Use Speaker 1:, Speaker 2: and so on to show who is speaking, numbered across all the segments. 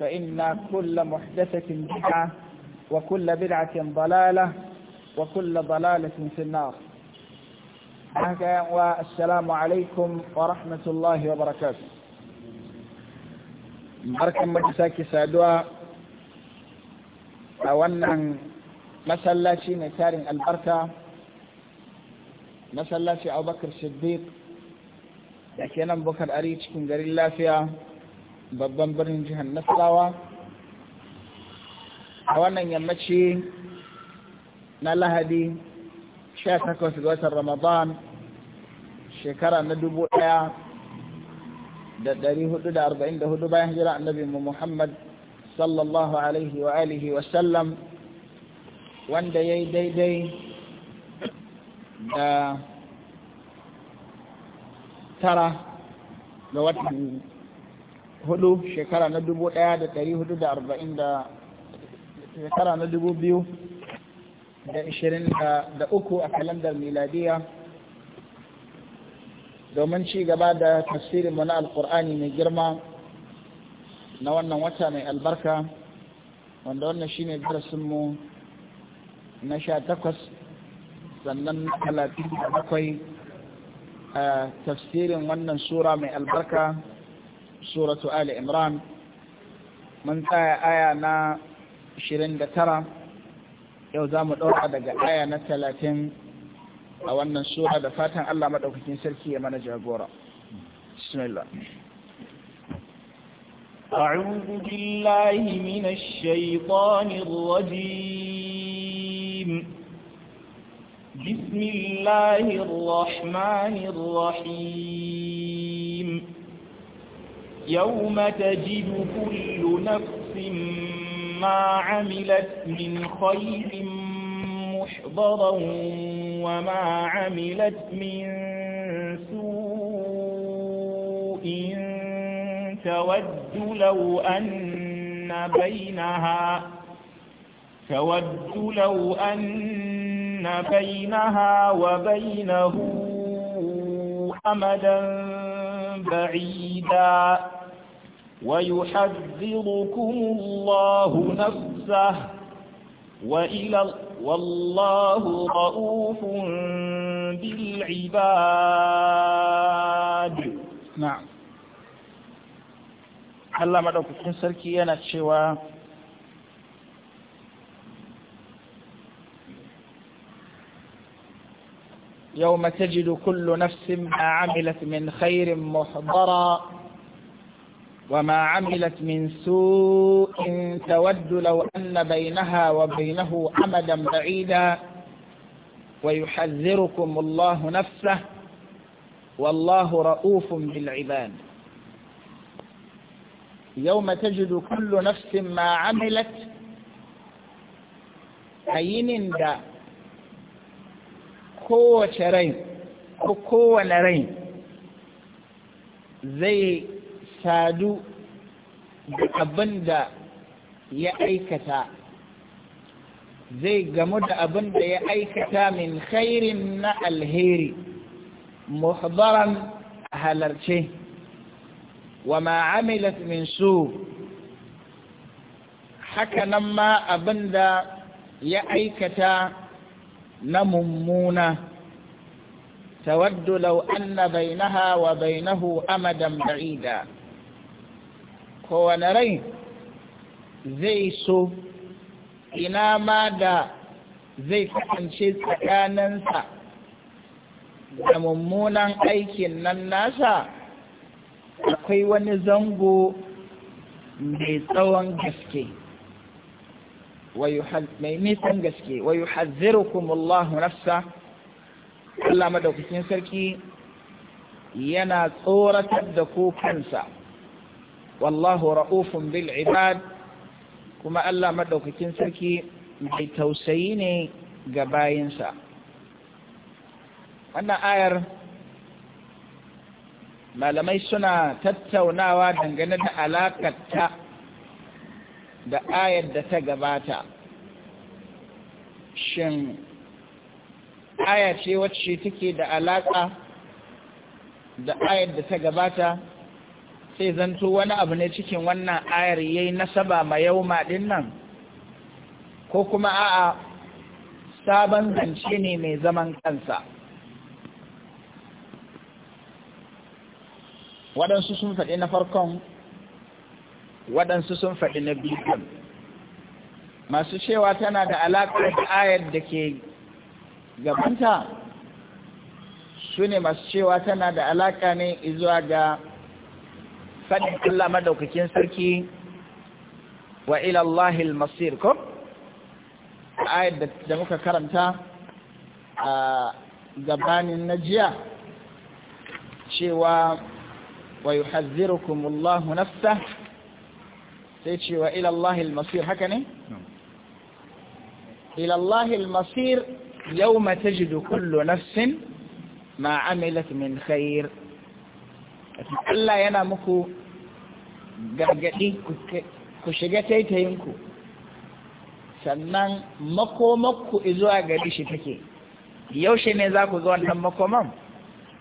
Speaker 1: فإن كل محدثة بدعة وكل بدعة ضلالة وكل ضلالة في النار والسلام عليكم ورحمة الله وبركاته
Speaker 2: مبارك مجلسك
Speaker 1: سادوا أولا مسألة نتار البركة مسألة أبو بكر الصديق لكن أبو بكر أريد كنجر الله فيها babban birnin jihar nasarawa a wannan yammaci na lahadi 18 ga watan ramadan shekara na dubu ɗaya da ɗari hudu da arba'in da hudu bayan hijira annabi muhammad sallallahu alaihi wa alihi wa sallam wanda ya yi daidai da tara ga watan hudu shekara na dubu daya da dari hudu da arba'in da shekara na dubu biyu da ishirin da uku a kalandar miladiya domin ci gaba da tafsirin mu na alkur'ani mai girma na wannan wata mai albarka wanda wannan shine darasinmu na sha takwas sannan talatin da bakwai a tafsirin wannan sura mai albarka suratu Ali Imran mun tsaya aya na tara, yau za mu ɗauka daga aya na talatin, a wannan sura da fatan Allah maɗaukakin sarki ya mana jagora. Bismillah. أعوذ بالله من الشيطان الرجيم بسم يوم تجد كل نفس ما عملت من خير محضرا وما عملت من سوء تود لو أن بينها تود لو أن بينها وبينه أمدا بعيدا ويحذركم الله نفسه وإلى والله رؤوف بالعباد نعم دوك maɗaukakin سركي انا تشوا يوم تجد كل نفس ما عملت من خير محضرا وما عملت من سوء تود لو أن بينها وبينه أمدا بعيدا ويحذركم الله نفسه والله رؤوف بالعباد يوم تجد كل نفس ما عملت حين دا قوة رين قوة رين زي sadu da abin da ya aikata zai gamu da abin da ya aikata min khairin na alheri muhdaran halarce wa ma'amilat min su haka nan ma abin da ya aikata na mummuna تود لو أن بينها وبينه أمدا بعيدا kowane rai zai so ina ma da zai kasance tsakaninsa da mummunan aikin nan nasa akwai wani zango mai tsawon gaske mai nisan gaske wayu hazirukumullahu nafsa Allah madaukakin sarki yana tsoratar da ku kansa wallahu ra'ufun bil ibad kuma Allah madaukakin sarki mai tausayi ne ga bayinsa wannan ayar malamai suna tattaunawa dangane da alakarta da ayar da ta gabata shin aya ce wacce take da alaka da ayar da ta gabata sai zanto wani abu ne cikin wannan ayar yayi nasaba ma yauma din nan ko kuma a'a sabon zance ne mai zaman kansa waɗansu sun faɗi na farkon waɗansu sun faɗi na biyu masu cewa tana da alaƙa da ayar da ke gabanta su ne masu cewa tana da alaƙa ne izuwa ga fadin Allah madaukakin sarki wa ila Allahil masir ko ayat da muka karanta a gabanin najiya cewa wa yuhazzirukum Allah nafsa sai ce wa ila Allahil masir haka ne ila Allahil masir yawma tajidu kullu nafsin ma min khair Allah yana muku gargaɗi ku shiga taitayinku sannan makomakku zuwa gari shi take yaushe ne za ku zo wannan makoman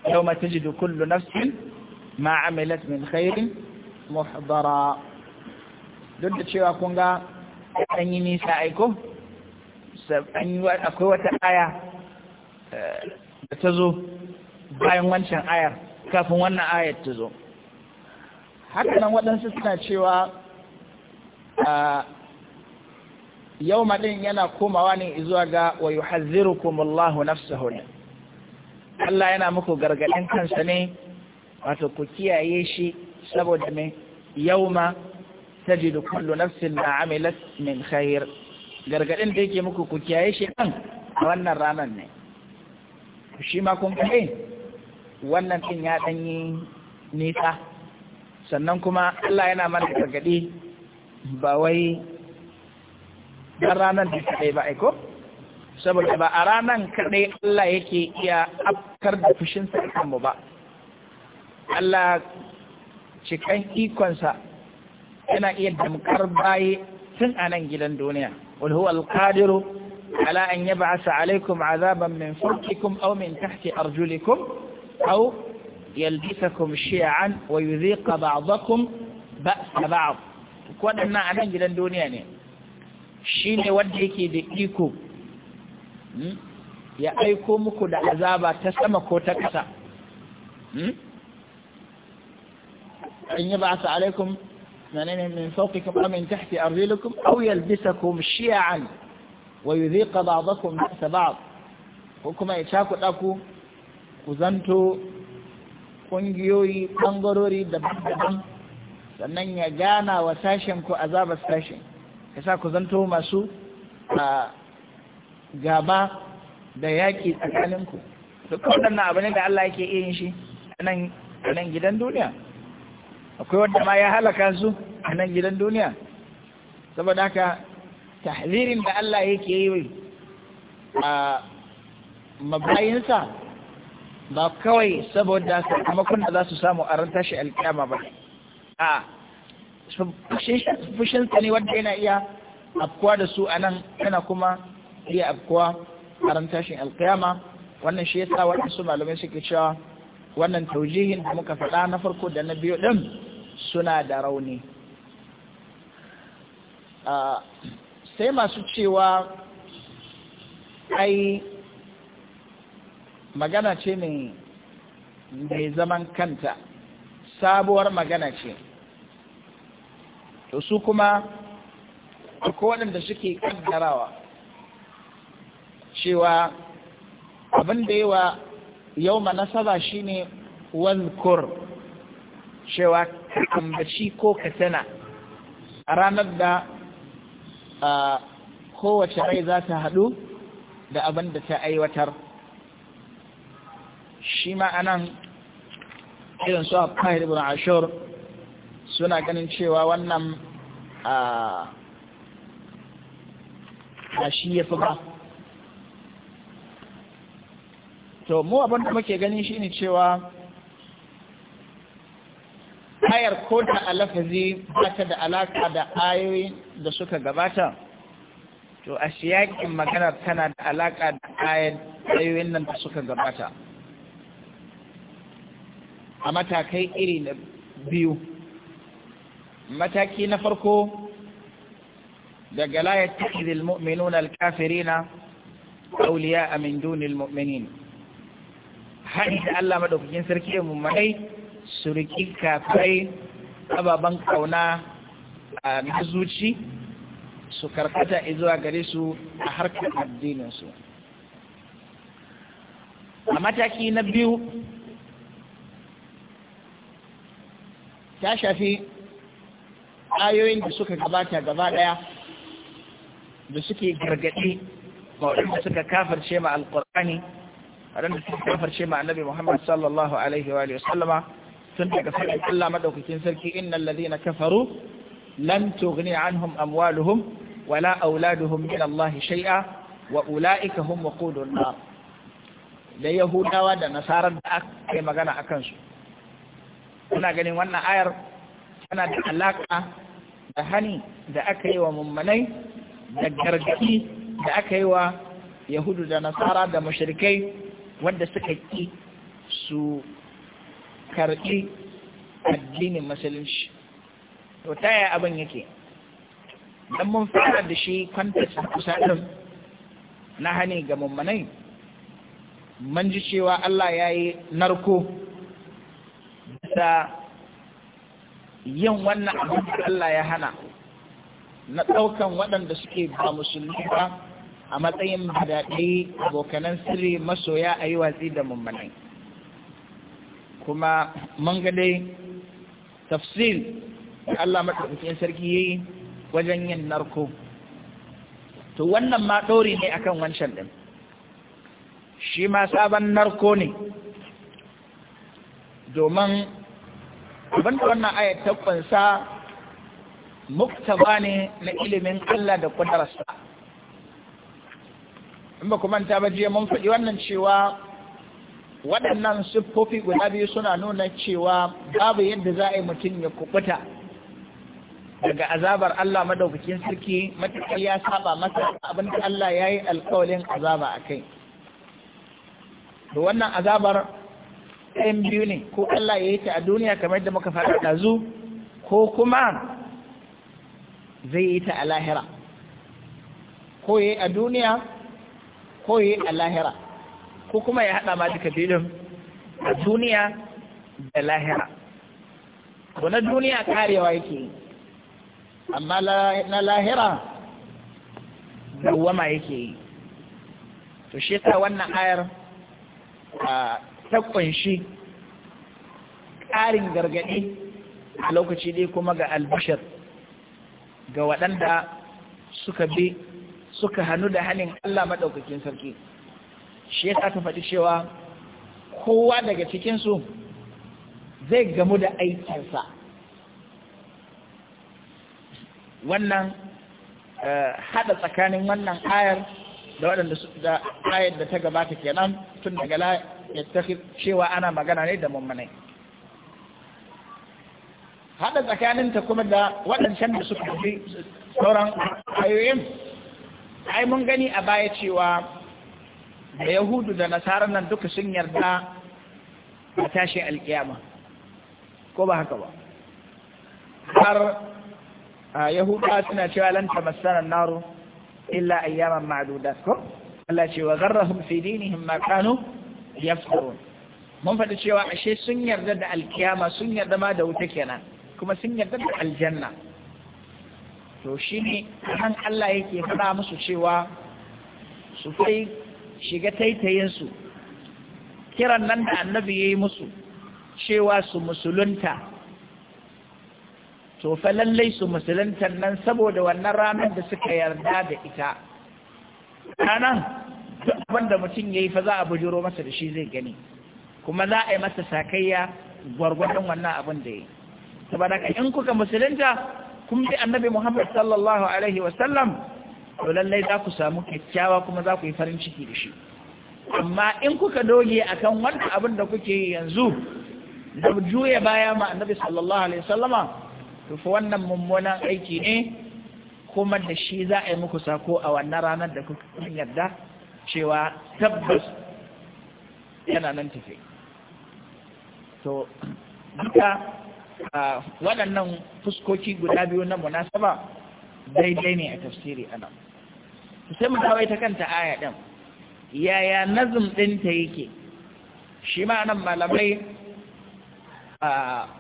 Speaker 1: yau da kullu nafsin ma amilat min khairin muhdara duk da cewa kun ga an yi nisa aiko akwai wata aya eh, da ta zo bayan wancan ayar kafin wannan ayar ta zo haka nan waɗansu suna cewa yau maɗin yana komawa ne zuwa ga wa yi hazirukumullahu nafsahu ne Allah yana muku gargaɗin kansa ne wato ku kiyaye shi saboda mai yau ma ta ji da kullu nafsin na amilas min khair gargaɗin da yake muku ku kiyaye shi ɗan a wannan ranar ne shi ma kun kai eh, wannan ɗin ya ɗanyi nisa sannan kuma Allah yana mana gargaɗi ba wai ɗan ranar da kaɗai ba aiko saboda ba a ranar kaɗai Allah yake iya afkar da fushinsa a mu ba Allah cikin ikonsa yana iya damkar baye tun a nan gidan duniya wal huwa alqadiru ala an yab'asa alaikum azaban min fawqikum au min tahti arjulikum aw yalbisakum shi'an wa yudhiqa ba'dakum ba'sa ba'd waɗannan a nan gidan duniya ne shine wanda yake da iko ya aiko muku da azaba ta sama ko ta ƙasa in yi ba'asa alaikum منين من فوقكم أو من تحت أرجلكم أو يلبسكم شيعا ويذيق بعضكم بأس بعض ku daku ku كزنتو ƙungiyoyi ɓangarori daban-daban sannan ya gana wa sashen ku azabar sashen ya sa ku zanto masu gaba da yaƙi tsakaninku duk waɗannan abu ne da Allah yake iya yin shi a nan gidan duniya akwai wanda ma ya halaka su a nan gidan duniya saboda haka tahririn da Allah yake yi a mabayinsa ba kawai saboda sakamakon da za su samu a ran tashi alƙiyama ba a fushinsa ne wanda yana iya afkuwa da su a nan yana kuma iya afkuwa a ran tashin alƙiyama wannan shi yasa waɗansu malamai suke cewa wannan taujihin da muka faɗa na farko da na biyu ɗin suna da rauni sai masu cewa ai magana ce mai zaman kanta sabuwar magana ce to su kuma ko waɗanda suke ƙaddarawa cewa abin da yawa yau ma nasara ne wankur cewa ka ambaci ko ka sana. a ranar da kowace rai za ta haɗu da abin da ta aiwatar shi ma anan irin su abin ibn ashur suna ganin cewa wannan a shi ya fi ba to mu abin muke ganin shi ne cewa hayar ko da alafazi bata da alaka da ayoyi da suka gabata to a yakin maganar tana da alaka da ayoyin nan da suka gabata a matakai iri na biyu mataki na farko daga la yattakhidhu mu'minun alkafirina a min dunil mu'minin haɗi da Allah maɗaukakin sarki mu su riƙi kafirai ababen kauna a zuci su karkata zuwa gare su a harkar addininsu.
Speaker 2: a mataki na biyu
Speaker 1: ta shafi ayoyin da suka gabata gaba ɗaya da suke gargaɗi ga waɗanda suka kafarce ma alƙur'ani waɗanda suka kafarce ma annabi Muhammad sallallahu alaihi wa sallama tun daga faɗin Allah madaukakin sarki innal ladhina kafaru lan tughni anhum amwaluhum wala auladuhum min Allah shay'a wa ulaika hum waqudun nar da yahudawa da nasarar da aka yi magana akan su Muna ganin wannan ayar tana da alaƙa da hani da aka yi wa mummanai
Speaker 2: da gargaɗi
Speaker 1: da aka yi wa yahudu da nasara da mashirikai wanda suka ƙi su karɓi addinin musulunci to ta yaya abin yake don mun fara da shi kwantasa kusa ɗin na hani ga mummanai mun ji cewa Allah ya yi narko da yin wannan abin da Allah ya hana na ɗaukan waɗanda suke ba musulmi ba a matsayin daɗi abokanan sirri masoya a yi watsi da mummanai kuma mun ga dai da Allah maɗaukakin sarki ya yi wajen yin narko to wannan ma ɗori ne akan wancan ɗin shi ma sabon narko ne domin da wannan ayat ta kunsa muktaba ne na ilimin Allah da kudarsa in ba kuma ta baje mun faɗi wannan cewa waɗannan siffofi guda biyu suna nuna cewa babu yadda za a yi mutum ya kubuta daga azabar Allah madaukakin sarki Matakai ya saba masa abin da Allah ya yi alkawalin azaba a kai da wannan azabar ɗayan biyu ne ko Allah ya yi ta a duniya kamar yadda muka faɗa ɗazu ko kuma zai yi ta a lahira ko ya yi a duniya ko ya yi a lahira ko kuma ya haɗa ma duka biyun a duniya da lahira ko na duniya karewa yake amma na lahira dawwama yake yi to shi ta wannan ayar ta ƙunshi ƙarin gargaɗi a lokaci dai kuma ga albashar ga waɗanda suka bi suka hannu da hannun Allah maɗaukakin sarki shi ya ta faɗi cewa kowa daga cikinsu zai gamu da aikinsa wannan eh, haɗa tsakanin wannan ayar da waɗanda su da ayar da ta gabata kenan tun daga la ya cewa ana magana ne da mummunai haɗa tsakaninta kuma da waɗancan da suka fi sauran ayoyin ai mun gani a baya cewa da yahudu da nasara nan duka sun yarda a tashi alkiyama ko ba haka ba har Yahudu suna cewa lanta masarar naro illa ayyaman ma'dudat ko Allah ce wa garrahum fi dinihim ma kanu mun faɗi cewa ashe sun yarda da alkiyama sun yarda ma da wuta kenan kuma sun yarda da aljanna to shi ne Allah yake faɗa musu cewa su kai shiga taitayinsu kiran nan da annabi ya yi musu cewa su musulunta to fa lallai su musuluntar nan saboda wannan ranar da suka yarda da ita ranar duk abinda mutum ya yi fa za a bujiro masa da shi zai gani kuma za a yi masa sakayya gwargwadon wannan abin da ya yi saboda ka in kuka musulunta kun bi annabi muhammad sallallahu alaihi wasallam to lallai za ku samu kyakkyawa kuma za ku yi farin ciki da shi amma in kuka doge akan wannan abin da kuke yanzu da juya baya ma annabi sallallahu alaihi wasallama to wannan mummunan aiki ne kuma da shi za a yi muku sako a wannan ranar da kuka yarda cewa tabbas yana nan tafe to duka waɗannan fuskoki guda biyu na munasaba daidai ne a tafsiri anan sai mu ta ta kanta aya ɗin yaya nazim ɗinta yake shi ma nan malamai a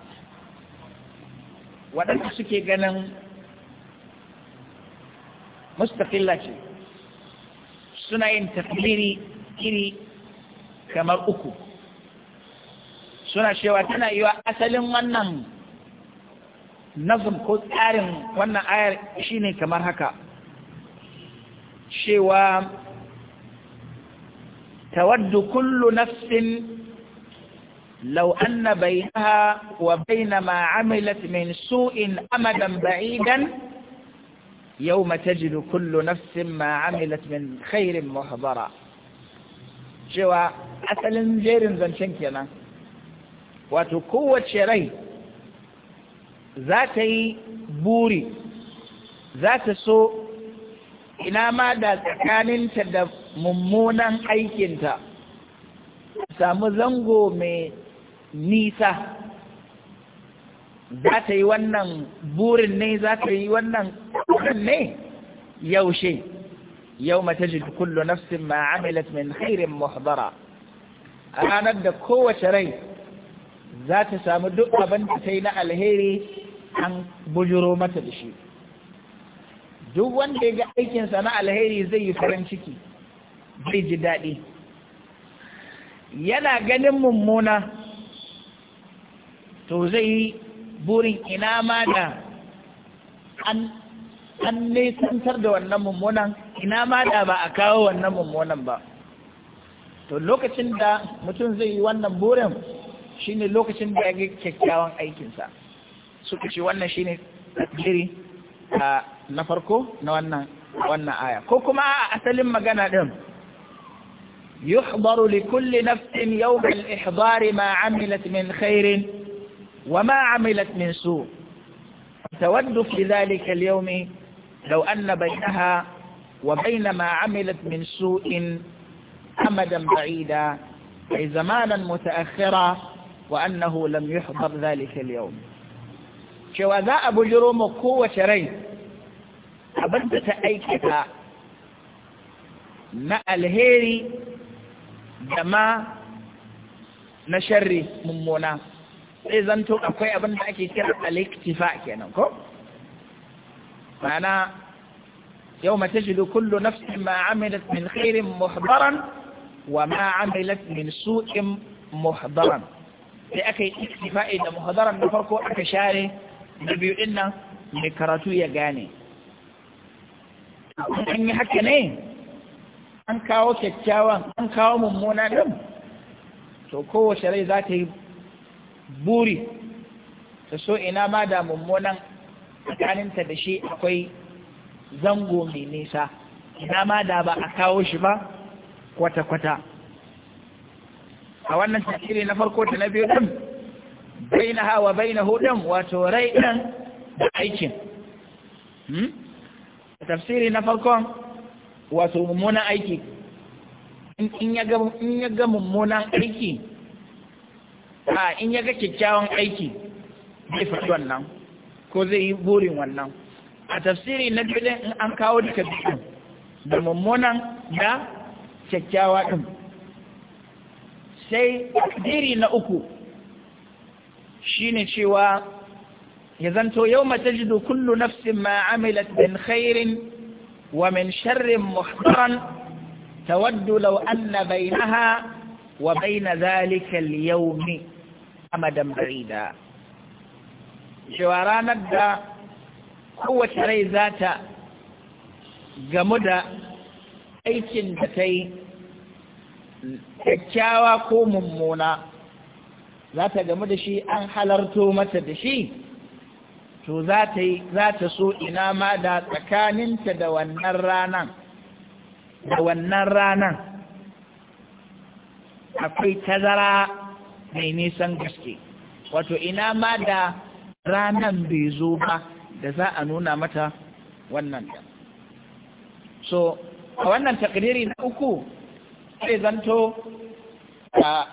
Speaker 1: waɗanda suke ganin mustaqilla ce suna yin tafiliri iri kamar uku suna cewa tana yi wa asalin wannan nazum ko tsarin wannan ayar shine kamar haka cewa tawaddu kullu nafsin لو أن بينها وبين ما عملت من سوء أمدا بعيدا يوم تجد كل نفس ما عملت من خير محضرا cewa asalin jerin zancen kenan wato kowace rai za ta yi buri za ta so ina ma da tsakaninta da mummunan aikinta samu zango mai nisa za ta yi wannan burin ne za ta yi wannan burin ne yaushe yau mata ji kullu nafsin ma'amilat min hairin muhdara a ranar da kowace rai za ta samu duk abin da ta yi na alheri an bujuro mata da shi duk wanda ya ga aikinsa na alheri zai yi farin ciki zai ji daɗi yana ganin mummuna to zai yi burin ina ma da an nesantar da wannan mummunan ina ma da ba a kawo wannan mummunan ba to lokacin da mutum zai yi wannan burin shine lokacin da ya ga kyakkyawan aikinsa suka ce wannan shine takdiri na farko na wannan wannan aya ko kuma a asalin magana din yuhbaru li kulli nafsin yawm al ma amilat min khairin وما عملت من سوء تود في ذلك اليوم لو أن بينها وبين ما عملت من سوء أمدا بعيدا أي زمانا متأخرا وأنه لم يحضر ذلك اليوم شواذا أبو جروم قوة شري أبدت أي abin ما الهيري aikata نشري من da sai zanto akwai abin da ake kira al-iktifa يوم تجد كل نفس ما عملت من خير محضرا وما عملت من سوء محضرا لأكي اكتفاء إذا محضرا نفرقه أكشاري نبي إنا نكراتو يغاني أن يحكي نيه انكاو كاو انكاو أن كاو ممونا نم تو كو شري ذاتي buri ta so ina ma da mummunan tsakaninta da shi akwai zango mai nisa ina ma da ba a kawo shi ba kwata-kwata a wannan tafsiri na farko ta na biyu ɗin bai na hawa bai na hudun wato rai ɗin da aikin hmm? tafsiri na farkon wato mummunan aiki in ya ga mummunan aiki a in ya ga kyakkyawan aiki zai faɗi wannan ko zai yi burin wannan a tafsiri na biyu in an kawo duka dukkan da mummunan da kyakkyawa ɗin sai tafsiri na uku shine cewa ya zanto yau mace jido kullu nafsin ma'amilat bin khairin wa min sharrin muhtaran tawaddu lau anna bainaha wa baina zalika al-yawmi amadan barida cewa ranar da kowace rai za ta gamu da aikin da ta yi kyakkyawa ko mummuna za ta gamu da shi an halarto mata da shi to za ta so ina ma da tsakaninta da wannan ranan da wannan ranan akwai tazara mai nisan gaske wato ina ma da ranan bai zo ba da za a nuna mata wannan da? so a wannan takdiri na uku sai zanto a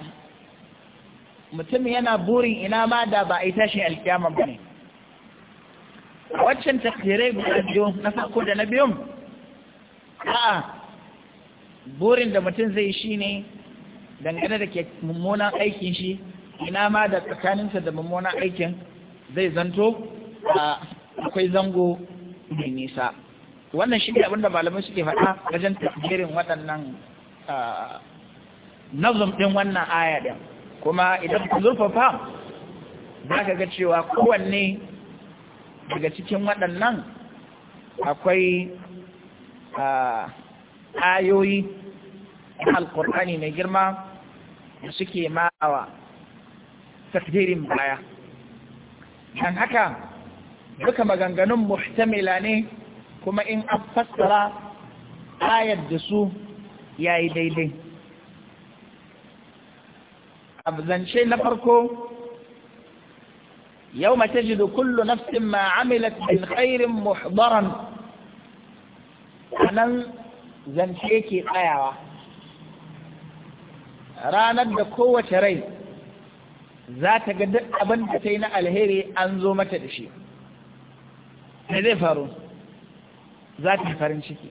Speaker 1: mutum yana burin ina ma da ba a yi tashin alkiyama ba ne waccan takdirai guda biyu na farko da na biyun a'a burin da mutum zai shi ne dangane da ke mummunan aikin shi ina ma da tsakaninsa da mummunan aikin zai zanto a akwai zango mai nisa wannan shi ne abinda malamai suke faɗa wajen tafiyarin waɗannan nazum ɗin wannan aya ɗin kuma idan ku zurfafa za ka ga cewa kowanne daga cikin waɗannan akwai ayoyi na alƙur'ani mai girma da suke ma'awa takdirin baya don haka duka maganganun muhtamila ne kuma in an fassara ayar da su yayi daidai abzance na farko يوم تجد كل نفس ما عملت من خير محضرا anan zance ke tsayawa ranar da kowace rai za ta ga duk abin da ta yi na alheri an zo mata da shi ne zai faru za ta farin ciki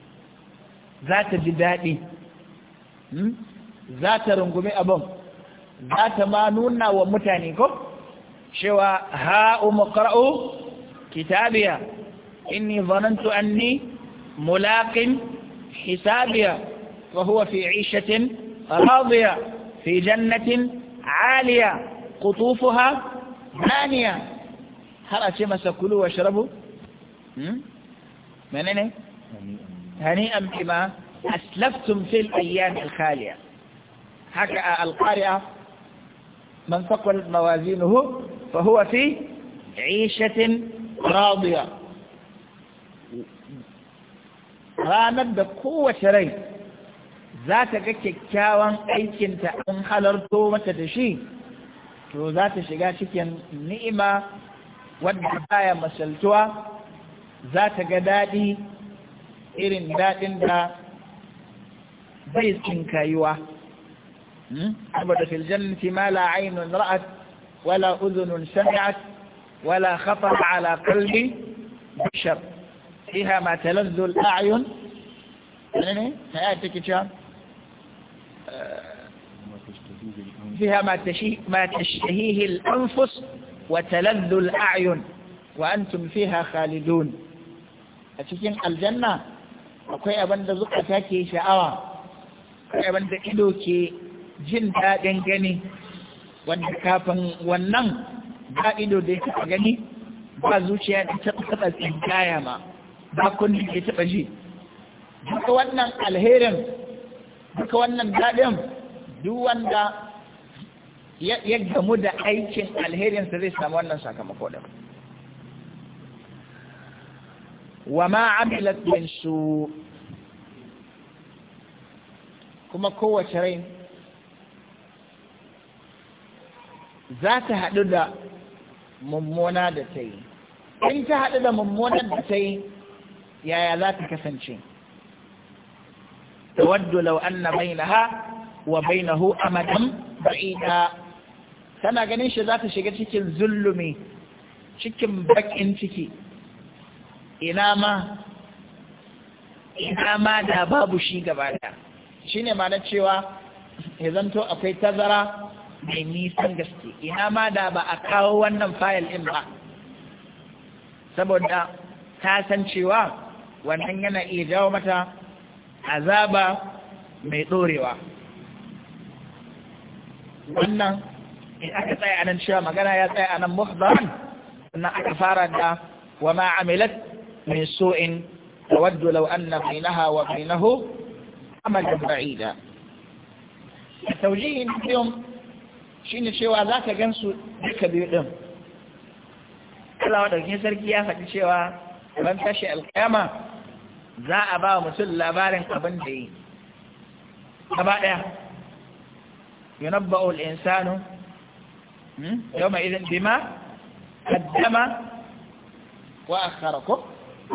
Speaker 1: za ta ji daɗi za ta rungumi abin za ta ma nuna wa mutane ko cewa ha'u makar'u kitabiya inni zanantu anni mulaƙin hisabiya wa huwa fi 'ishatin radiya في جنة عالية قطوفها دانية هل أتي سكلوا كلوا واشربوا أين هنيئا بما أسلفتم في الأيام الخالية حكى القارئة من ثقلت موازينه فهو في عيشة راضية ranar بقوة kowace za ta ga kyakkyawan aikinta an halarto mata da shi to za ta shiga cikin ni'ima wadda baya masaltuwa za ta ga daɗi irin daɗin da bai tsinkayuwa abada fil jannati ma la aynun ra'at wala udhunun sami'at wala khatar ala qalbi bashar fiha ma talazzu al a'yun ne ne ta take cewa فيها ما تشهيه, ما تشهيه الأنفس وتلذ الأعين وأنتم فيها خالدون أتكين الجنة أكوي أبن زقة كي شعوى أكوي أبن إدو كي جن دادن جني wanda kafin wannan ba ido da ya gani ba zuciya da ta taɓa tsinkaya ma ba kunni ke taɓa ji duka wannan alherin duka wannan daɗin duk wanda ya gamu da aikin alherinsa zai samu wannan sakamako ɗin wa ma amilat min su kuma kowace rai za ta haɗu da mummuna da ta yi in ta haɗu da mummunan da ta yi yaya za ta kasance tawaddu law anna bainaha wa bainahu amadan ba'ida tana ganin shi zata shiga cikin zulumi cikin bakin ciki ina ma ina ma da babu shi gaba da shine ma na cewa ya zanto akwai tazara mai nisan gaske ina ma da ba a kawo wannan fayil ɗin ba saboda ta san cewa wannan yana iya jawo mata azaba mai ɗorewa. wannan in aka tsaya anan cewa magana ya tsaya anan muhdaran sannan aka fara da wa ma mai min su'in tawaddu law anna fainaha wa bainahu amalan ba'ida tawjihin shi shine cewa zaka gansu duka biyu din Allah wadaukin sarki ya faɗi cewa ban tashi alkiyama za a ba mutum labarin abin da yi gaba ɗaya yunabba'ul insanu hmm, yau mai izin bima kaddama wa a ko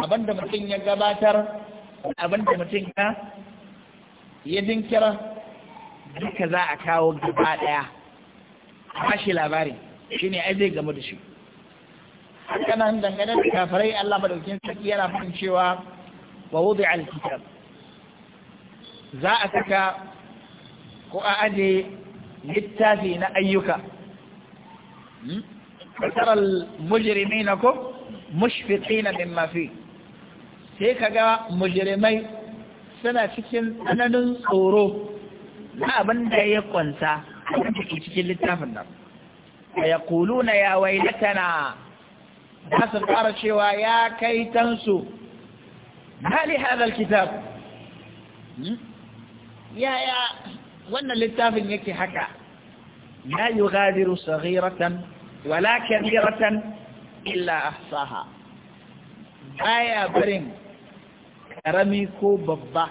Speaker 1: abin da mutum ya gabatar abin da mutum ya yi jinkira duka za a kawo gaba ɗaya ba shi labari shi ne ai zai gamu da shi hakanan dangane da kafarai Allah madaukin sarki yana fahimcewa cewa wa wudi'a al-kitab za a saka ko a aje littafi na ayyuka فترى المجرمين كم مشفقين مما فيه sai kaga mujrimai suna cikin tsananin tsoro na abin da ya kwanta a cikin littafin nan a ya kuluna ya wailatana za su fara cewa ya kai tansu ما لهذا الكتاب يا يا وانا اللي للتافل يكي حكا لا يغادر صغيرة ولا كبيرة إلا أحصاها آية برين كرميكو ببا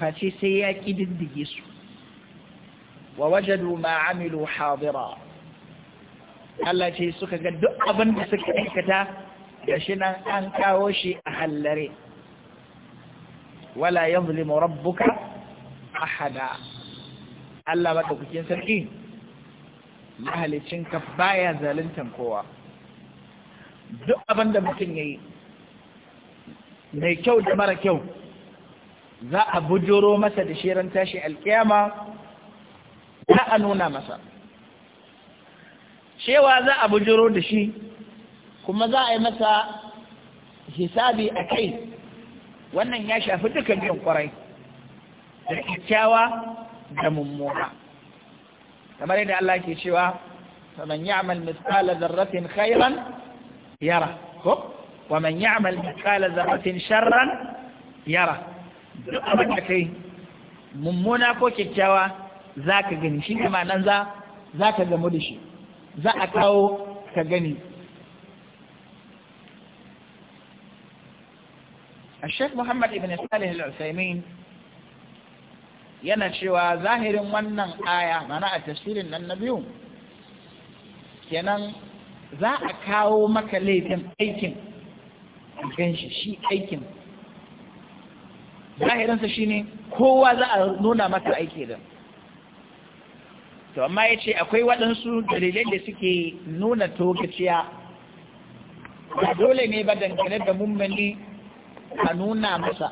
Speaker 1: فتسياك دندقس ووجدوا ما عملوا حاضرا هلا تيسوك قد دعا بندسك أكتا يشنا انكاوشي وشي wala yazlimu rabbuka ahada Allah madaukakin sarki mahalicinka baya zaluntan kowa duk abinda mutum yayi mai kyau da mara kyau za a bujuro masa da shirin tashi alkiyama za a nuna masa cewa za a bujuro da shi kuma za a yi masa hisabi a kai wannan ya shafi duka biyan kwarai da kyakkyawa da mummuna kamar yadda Allah ke cewa faman ya'mal mithqala dharratin khairan yara ko wa man ya'mal mithqala dharratin sharran yara duk abin da kai mummuna ko kyakkyawa za ka gani shi ne ma nan za ka gamu da shi za a kawo ka gani الشيخ محمد بن صالح العثيمين yana cewa zahirin wannan aya mana a tafsirin nan na biyu kenan za a kawo maka laifin aikin a ganshi shi aikin zahirinsa ne kowa za a nuna maka aiki da to amma ya ce akwai waɗansu dalilai da suke nuna togaciya ba dole ne ba dangane da mummani a nuna masa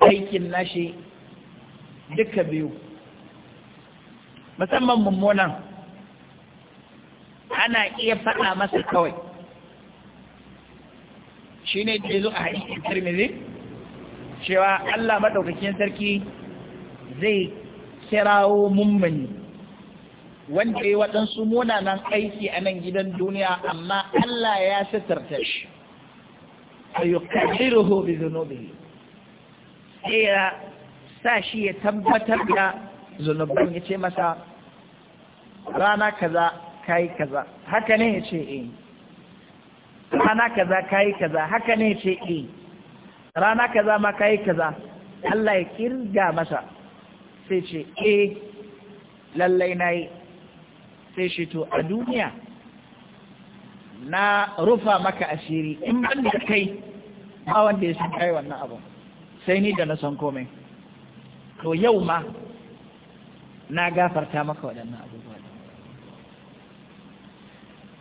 Speaker 1: aikin nashi duka biyu musamman mummunan ana iya faɗa masa kawai shi ne da zo a haƙiƙin tirmidhi cewa Allah maɗaukakin sarki zai kirawo mummuni wanda ya waɗansu munanan aiki a nan gidan duniya amma Allah ya sitarta shi ayyukajiruhu bi zunubi sai ya sa shi ya tabbatar da zunubin ya ce masa rana kaza kai kaza haka ne ya ce eh rana kaza kai kaza haka ne ya ce eh rana kaza ma kai kaza Allah ya kirga masa sai ce eh lallai na yi sai shi to a duniya na rufa maka asiri in ban da kai ba wanda ya san kai wannan abu sai ni da na san komai to yau ma na gafarta maka waɗannan abubuwa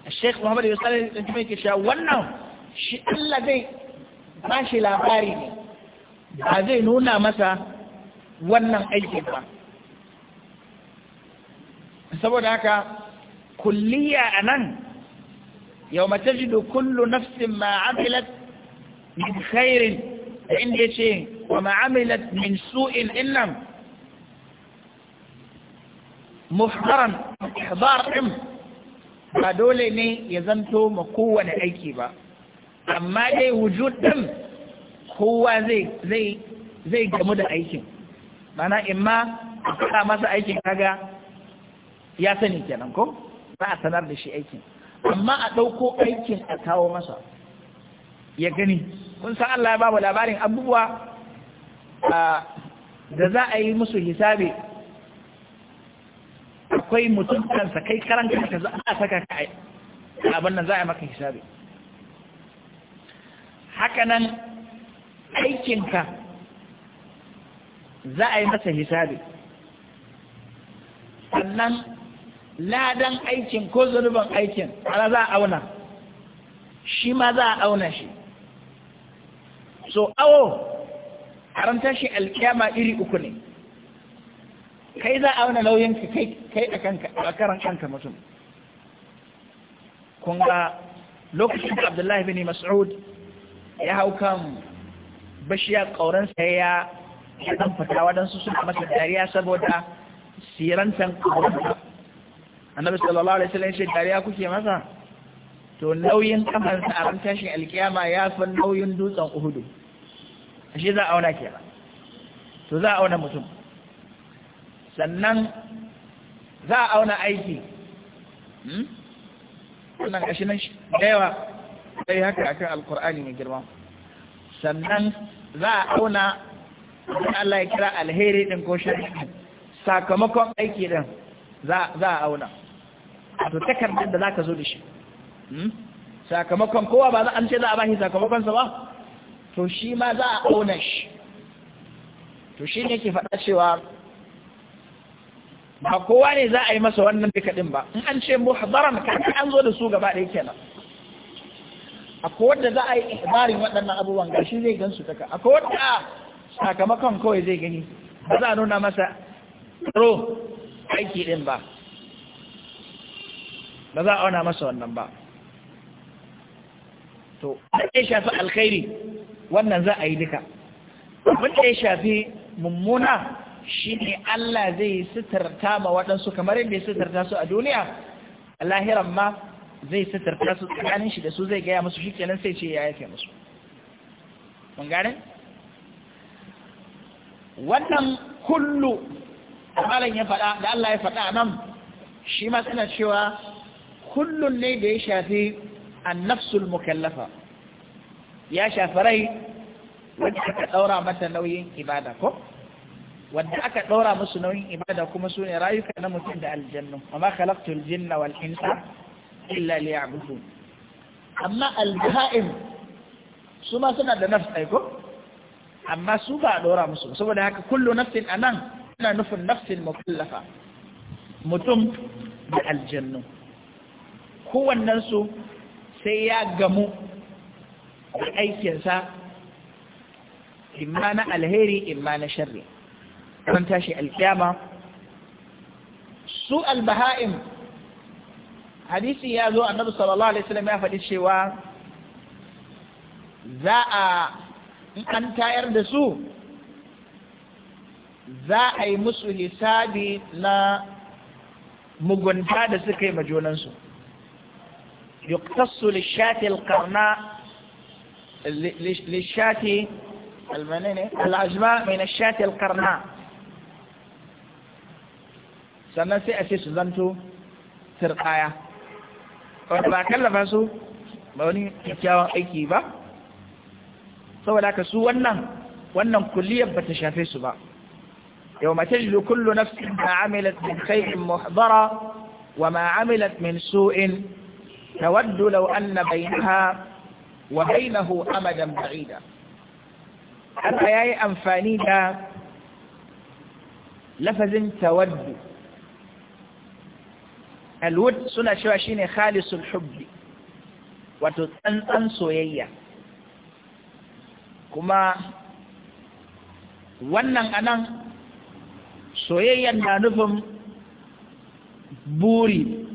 Speaker 1: Sheikh Muhammad Yusuf da kuma yake cewa wannan shi Allah zai ba shi labari ne ba zai nuna masa wannan aikin ba saboda haka kulliya anan yawma tajidu kullu nafsin ma 'amilat min khairin da inda ya ce wa ma'amilat min su'in illam muhdaran ihdar ɗin ba dole ne ya zanto ma kowane aiki ba amma dai wujud ɗin kowa zai gamu da aikin mana ma a masa aikin kaga ya sani kenan ko ba a sanar da shi aikin amma a ɗauko aikin a kawo masa ya gani kun san Allah ya babu labarin abubuwa da za a yi musu hisabi akwai mutum kansa kai karan kanta za a saka ka abin nan za a yi maka hisabi haka nan aikinka za a yi masa hisabi sannan ladan aikin ko zunubin aikin ana za a auna shi ma za a auna shi so awo haramta shi alkiyama iri uku ne kai za a wani nauyinka kai a karan kanka mutum kun ga lokacin da abdullahi bin mas'ud ya hau kan bashiya ƙauransa ya ɗan fita waɗansu suna masa dariya saboda sirantan ƙauransa annabi sallallahu alaihi wasallam ya dariya kuke masa to nauyin kamar a ran tashin alkiyama ya fi nauyin dutsen uhudu shi za a auna ke to za a auna mutum sannan za a auna aiki wannan hmm? gashi nan da yawa sai haka akan alkur'ani mai girma sannan za a auna Allah ya kira alheri din ko shi. sakamakon aiki din za a auna a to takardar da za ka zo da shi Hmm? sakamakon kowa ba za an ce za a ba bashi sakamakonsa ba to shi ma za a auna shi to shi ne ke faɗa cewa ba kowa ne za a yi masa wannan bikaɗin ba in an ce muhdaran kafin an zo da su gaba ɗaya kenan akwai wadda za a yi ihbarin waɗannan abubuwan ga shi zai gan su taka akwai wadda sakamakon kawai zai gani ba za a nuna masa tsaro aiki ɗin ba ba za a auna masa wannan ba to ya shafi alkhairi wannan za a yi duka abin da ya shafi mummuna shine Allah zai sitarta ma waɗansu kamar yadda ya sitarta su a duniya lahiran ma zai sitarta su tsakanin shi da su zai gaya musu shikenan sai ce ya yafe musu mun gane wannan kullu malam ya faɗa da Allah ya faɗa nan shi ma suna cewa kullun ne da ya shafi annafsul mukallafa ya shafi rai wanda aka ɗaura mata nauyin ibada ko wadda aka ɗaura musu nauyin ibada kuma su ne rayuka na mutum da aljannu amma khalaqtul jinna wal insa illa liya'budun amma al su ma suna da nafsai ko amma su ba a ɗora musu saboda haka kullu nafsin anan suna nufin nafsin mukallafa mutum da aljannu kowannen su sai ya gamu da aikinsa imma na alheri imma na sharri don tashi alkiyama su albaha'im hadisi ya zo annabi sallallahu alaihi wasallam ya faɗi cewa za a an tayar da su za a yi musu hisabi na mugunta da suka yi majonansu يقتص للشاة القرناء للشاة العجماء من الشاة القرناء سنسي أسيس ذنتو ترقايا وإذا كلف أسو بوني إتياوا أيكي با سوى لك سوى ونن ونن كلية بتشافيس با يوم تجد كل نفس ما عملت من خير محضرة وما عملت من سوء تود لو أن بينها وبينه أمدا بعيدا أنا ياي أنفاني دا لفظ تود الود سنة شوى شيني خالص الحب وتتنطن سويا كما wannan anan soyayyan na nufin buri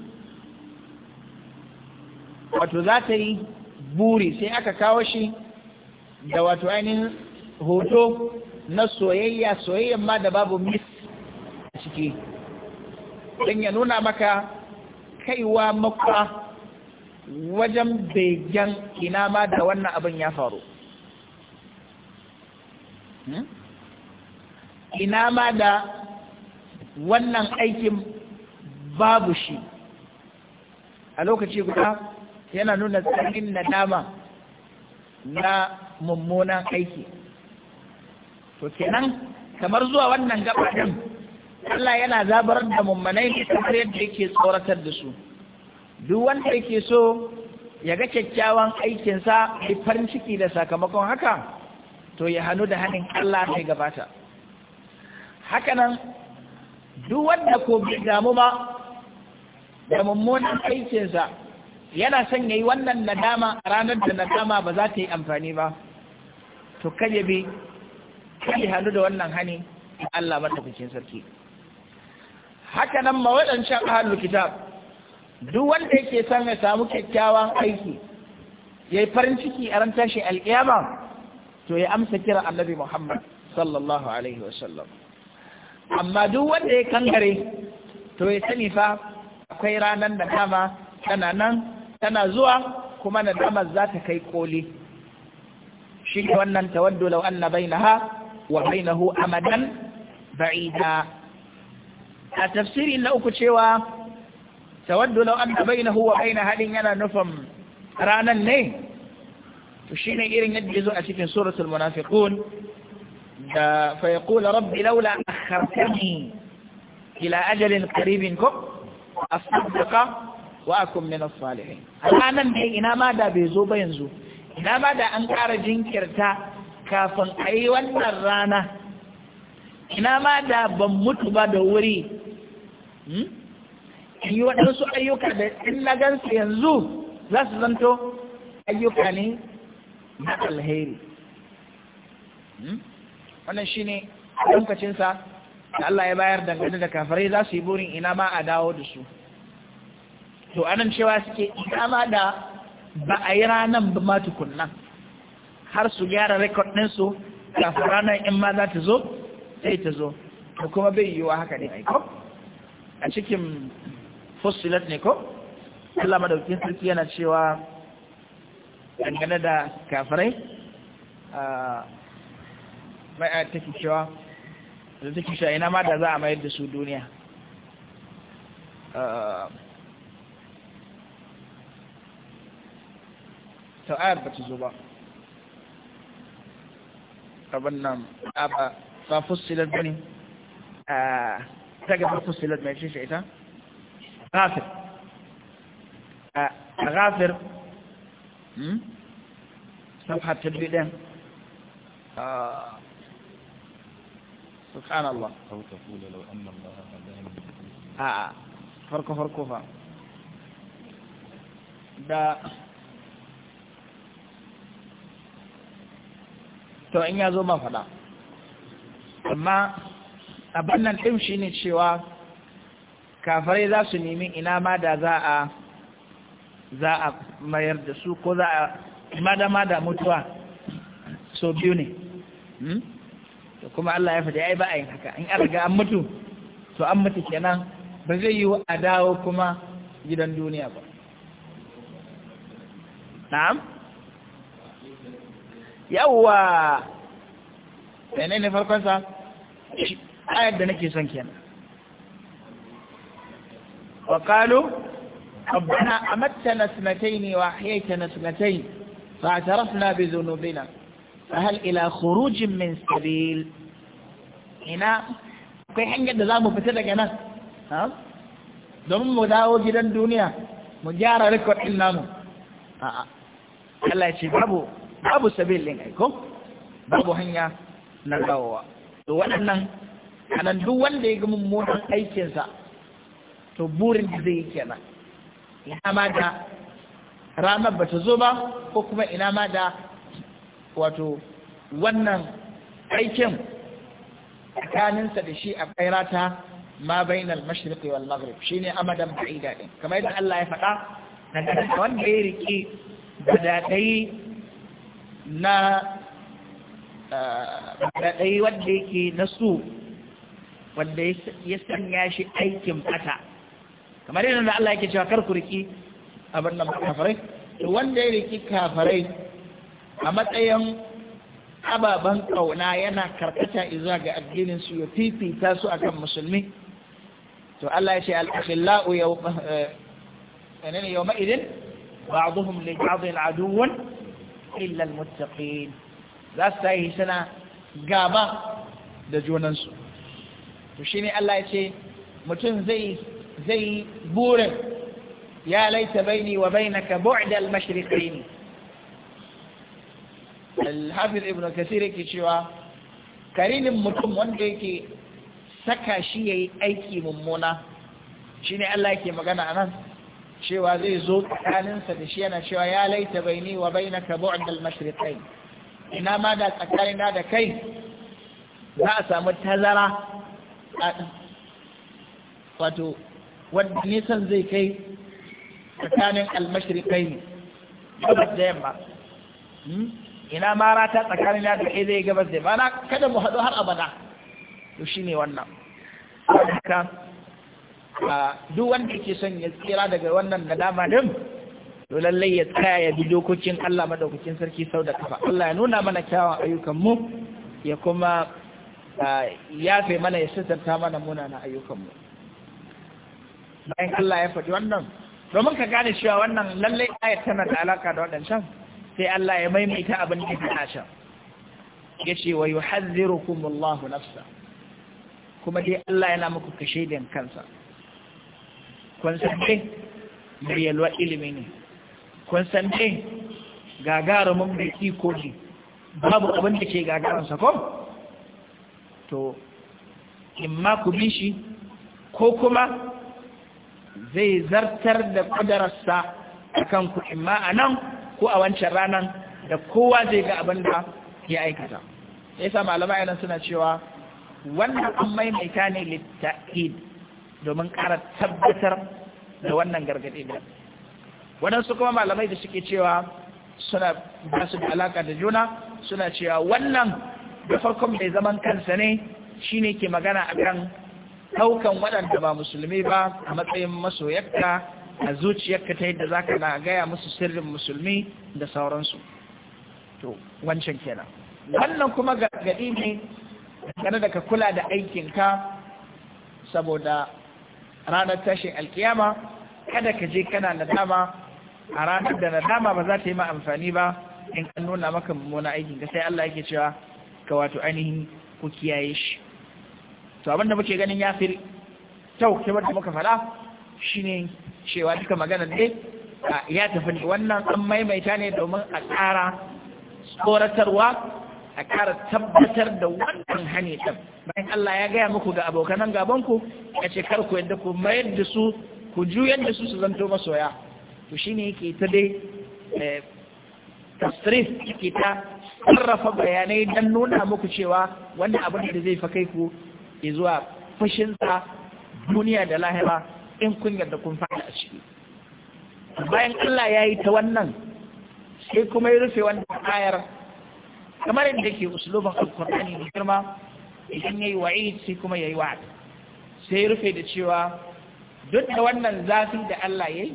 Speaker 1: wato za ta yi buri sai aka kawo shi da wato ainihin
Speaker 2: hoto
Speaker 1: na soyayya soyayyan ma da babu mis a ciki don ya nuna maka kaiwa makwa wajen begen ina ma da wannan abin ya faru hmm? ina ma da wannan aikin babu shi a lokaci guda yana nuna tsarkin nadama na mummunan aiki to kenan kamar zuwa wannan gaba Allah yana zabar da mummunai ne kamar yadda yake tsoratar da su duk wanda yake so ya ga kyakkyawan aikinsa da farin ciki da sakamakon haka to ya hannu da hannun Allah mai gabata hakanan duk wanda ko bai damu ba da mummunan aikinsa yana son yi wannan nadama ranar da nadama ba za ta yi amfani ba to kaje bi kaje hannu da wannan hani Allah madaukakin sarki haka nan ma waɗancan ahlul kitab duk wanda yake son ya samu kyakkyawan aiki yayi farin ciki a ran tashi alƙiyama to ya amsa kira annabi Muhammad sallallahu alaihi wasallam amma duk wanda ya kangare to ya sani fa akwai ranar da dama tana nan tana zuwa kuma nadamar za ta kai koli shi wannan tawaddu law anna bainaha wa bainahu amadan ba'ida a tafsiri na uku cewa tawaddu law anna bainahu wa bainaha din yana nufin ranan ne to shine irin yadda yazo a cikin suratul munafiqun da fa yaqulu rabbi laula akhartani ila ajalin qaribin ko asaddaqa wa akum min as-salihin ranan dai ina ma da bai zo ba yanzu ina ma da an ƙara jinkirta kafin ayi wannan rana ina ma da ban mutu ba da wuri hmm? in yi waɗansu ayyuka da in na gansu yanzu za su zanto ayyuka ne na alheri hmm? wannan shi ne lokacinsa da Allah ya bayar dangane da kafarai za su yi burin ina ma a dawo da su to anan cewa suke ikama da ba a yi ranar ba ma tukunan har su gyara rekod ɗinsu kafin ranar in ma za ta zo sai ta zo ko kuma bai yiwuwa haka ne aiko a cikin fosilat ne ko Allah madaukin sarki yana cewa dangane da kafirai mai a take cewa da take cewa ina ma da za a mayar da su duniya ثعاب تزبا ربنا أبا ففصل البني آه، تجد ففصل ما يشيش إيتا غافر آه، غافر صفحة آه. سبحان الله أو تقول لو أن الله
Speaker 2: هداهم
Speaker 1: فرقه فرقه فا دا to in ya zo ma faɗa amma abin nan ɗin shi ne cewa kafarai za su nemi ina ma da za a za a mayar da su ko za a ma da mutuwa so biyu ne hmm? To kuma Allah ya faɗi ai ba a yin haka in an riga an mutu to an mutu kenan ba zai yi a dawo kuma gidan duniya ba na'am yawwa ne ne farkonsa ayar da nake son kenan wa qalu rabbana amattana sanatayn wa ahyaytana sanatayn fa atarafna bi dhunubina fa hal ila khurujin min sabil ina hanyar da zamu fita daga nan ha don mu dawo gidan duniya mu gyara record namu a'a Allah ya ce babu babu sabilin aiko babu hanya na dawowa to waɗannan anan duk wanda ya ga mummunan aikinsa to burin da zai yi kenan ina ma da ranar ba ta zo ba ko kuma ina ma da wato wannan aikin tsakaninsa da shi a kairata ma bainal mashriqi wal maghrib shine amadan ba'ida din kamar yadda Allah ya faɗa wanda ya rike da dadai na raɗayi wanda yake na su wanda ya sanya shi aikin fata kamar yadda da Allah yake cewa kar ku riki abin nan kafarai wanda ya riki kafarai a matsayin ababen kauna yana karkata izuwa ga addinin su ya fifita su akan musulmi to Allah ya ce al-akhillau yawma eh, idin ba'dhum li ba'dhin aduwwan illa almuttaqin za su tayi suna gaba da junansu to shine Allah ya ce mutum zai zai burin ya laita baini wa bainaka bu'da al-mashriqain al-hafiz ibn yake cewa karinin mutum wanda yake saka shi yayi aiki mummuna shine Allah yake magana anan cewa zai zo tsakaninsa da shi yana cewa ya laita baini wa ka bu'd al-mashriqain ina ma da tsakanina da kai za a samu tazara wato wadda nisan zai kai tsakanin al-mashriqain ne gabas da yamma hmm? ina ma rata tsakanin da kai zai gabas da yamma kada mu haɗu har abada to ne wannan haka duk wanda ke son ya tsira daga wannan nadama din to lallai ya tsaya ya bi dokokin Allah madaukakin sarki sau da kafa Allah ya nuna mana kyawun ayyukan mu ya kuma yafe mana ya sitarta mana munana ayyukan mu bayan Allah ya faɗi wannan domin ka gane cewa wannan lallai ayat tana da alaka da waɗancan sai Allah ya maimaita abin da ke tasha ya ce wa yuhadhdhirukum Allahu nafsa kuma dai Allah yana muku kashe kansa kun san ne mai yalwa ilimi ne kun san dai gagarumin mai iko ne babu abin da ke gagaransa ko to in ku bi shi ko kuma zai zartar da ƙudararsa a kan ku in ma a nan ko a wancan ranar da kowa zai ga abin da ya aikata ya sa malamai nan suna cewa wannan an maimaita ne litta'id domin ƙara tabbatar da wannan gargaɗi da waɗansu kuma malamai da suke cewa suna ba su da alaƙa da juna suna cewa wannan da farkon mai zaman kansa ne shi ne ke magana a kan ɗaukan waɗanda ba musulmi ba a matsayin masoyarka a zuciyarka ta yadda za ka na gaya musu sirrin musulmi da sauransu to wancan kenan wannan kuma gargaɗi ne kana da ka kula da aikinka saboda ranar tashin alkiyama kada ka je kana nadama a ranar da nadama ba za ta yi ma amfani ba in an nuna maka mummuna aikin ka sai Allah yake cewa ka wato ainihin ku kiyaye shi to abin da muke ganin ya fi kyau ke da muka faɗa shine cewa duka magana dai ya tafi wannan an maimaita ne domin a tsara tsoratarwa a ƙara tabbatar da wannan hani ɗan bayan Allah ya gaya muku ga abokanan gabanku ya ce kar ku yadda ku mayar da su ku juyar da su su zanto masoya to shine yake ta dai eh, tasrif yake ta sarrafa bayanai don nuna muku cewa wani abu da zai fa kai ku zuwa fashinsa duniya da lahira in kun yarda kun fada a ciki bayan Allah ya yi ta wannan sai kuma ya rufe wannan ayar kamar yadda ke uslubin alkur'ani da girma idan ya yi wa'id sai kuma ya yi wa'ad sai rufe da cewa duk da wannan zafi da Allah ya yi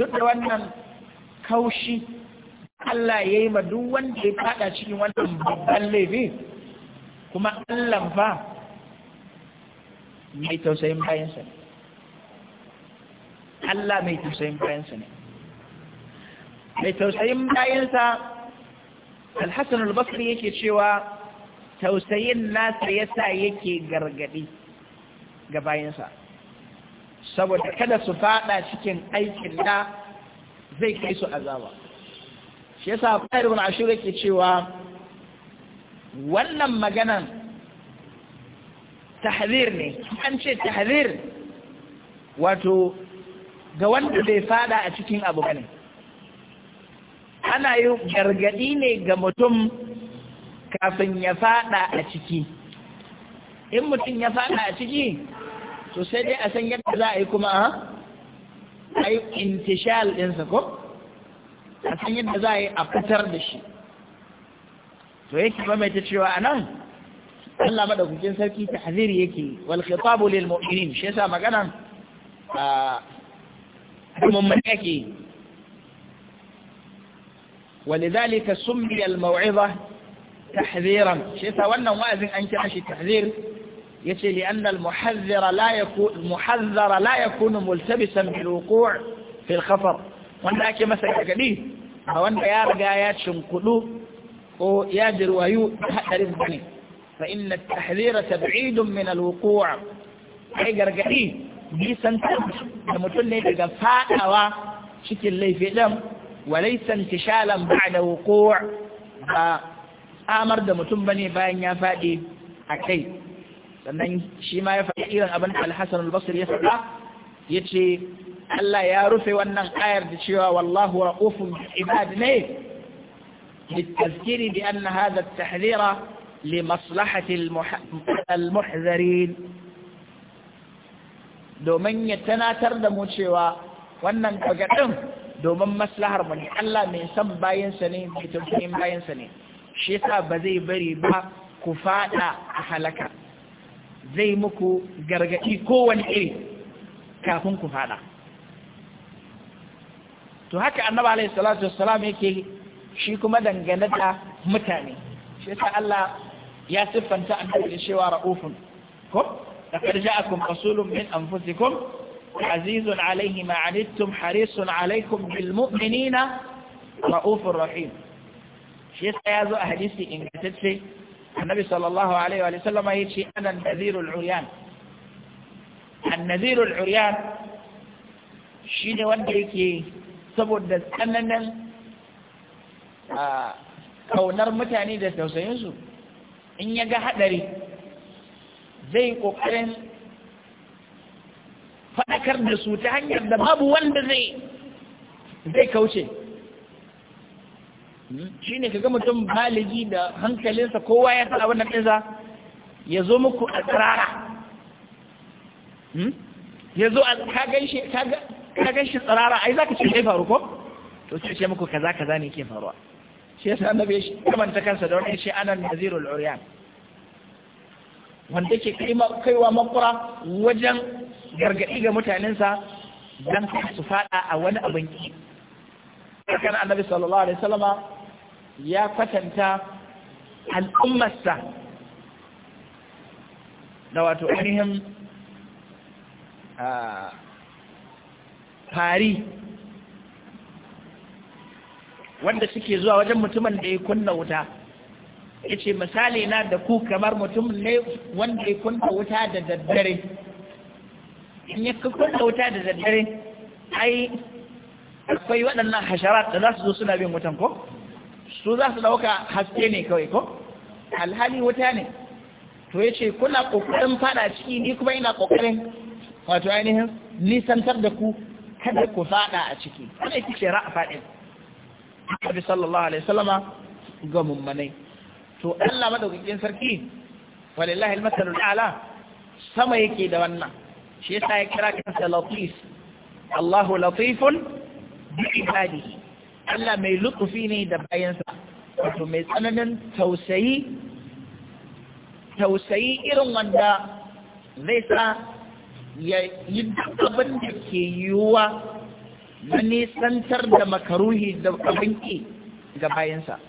Speaker 1: duk da wannan kaushi Allah yi ma duk wanda ya fada cikin wannan babban laifi kuma Allah fa mai tausayin bayansa ne Allah mai tausayin bayansa ne mai tausayin bayansa alhassan albasri yake cewa tausayin nasa yasa yake gargadi ga bayansa saboda kada su fada cikin aikin da zai kai su azaba shi yasa fayar bin ashur yake cewa wannan maganan tahzir ne an ce tahzir wato ga wanda bai fada a cikin abu bane ana yi gargadi ne ga mutum kafin ya fada a ciki in mutum ya fada a ciki to sai dai a san yadda za a yi kuma a yi intishal ɗinsa ko a san yadda za a yi a fitar da shi to yake ta cewa a nan Allah madaukakin sarki ta haziri yake wal khitabu lil mu'minin shi yasa magana a ah, kuma mun yake ولذلك سمي الموعظة تحذيرا شيسا وانا وازن انك عشي تحذير يتي لأن المحذر لا يكون المحذر لا يكون ملتبسا بالوقوع في الخطر وانا اكي مسا يقليه وانا يا رقايات شنقلو ويا جروايو تحرز بني فإن التحذير تبعيد من الوقوع أي قرقعي بيسان تبعيد لما تقول لي تقفاء شكل لي في دم وليس انتشالا بعد وقوع amar da mutum bane bayan ya faɗi a kai sannan shi ma ya faɗi irin abin alhassan albasir ya faɗa ya ce Allah ya rufe wannan ayar da cewa wallahu ra'ufun ibad ne da بأن هذا التحذير لمصلحة المحذرين domin ya tanatar da mu cewa wannan kagaɗin domin maslahar mu ne Allah mai san bayansa ne mai tausayin bayansa ne shi yasa ba zai bari ba ku fada a halaka zai muku gargadi kowane iri kafin ku fada to haka annabi alaihi salatu wassalam yake shi kuma dangane da mutane shi yasa Allah ya siffanta annabi cewa ra'ufun ko laqad ja'akum rasulun min anfusikum azizun alaihi ma anittum harisun alaikum bil mu'minina ra'ufur rahim shi yasa ya zo a hadisi ingantacce annabi sallallahu alaihi wa sallam ya ce ana nazirul uryan annazirul uryan shine wanda yake saboda tsananin kaunar mutane da tausayinsu in ya ga haɗari zai ƙoƙarin faɗakar da su ta hanyar da babu wanda zai zai kauce hmm? shi ne kaga mutum baligi da hankalinsa kowa ya sa abin da ɗinsa ya zo muku a tsirara hmm? ya zo a kagan shi tsirara ai za ka ce zai faru ko to ce ce muku kaza kaza ne ke faruwa shi yasa annabi shi kamanta kansa da wani shi anan nazirul uryan wanda ke kaiwa makura wajen gargaɗi ga mutanensa don su faɗa a wani abin ki kan annabi sallallahu alaihi wasallama ya kwatanta al'ummarsa da wato ainihin ah, fari wanda suke zuwa wajen mutumin da ya kunna wuta ya ce misali na da ku kamar mutum ne wanda ya kunna wuta da daddare in ya kakkwata wuta da daddare ai akwai waɗannan hasharat da za su zo suna bin wutan ko su za su ɗauka haske ne kawai ko alhali wuta ne to ya ce kuna ƙoƙarin fada ciki ni kuma ina ƙoƙarin wato ainihin nisantar da ku kada ku fada a ciki wanda ya ce ra'a faɗin Nabi sallallahu alaihi sallama ga mummanai to Allah madaukakin sarki walillahi almasalul ala sama yake da wannan shi yasa ya kira kansa latif Allahu latifun bi ibadihi Allah mai lutufi ne da bayansa wato mai tsananin tausayi tausayi irin wanda zai sa ya yi duk da ke yiwuwa na nisantar da makaruhi da abinki ga bayansa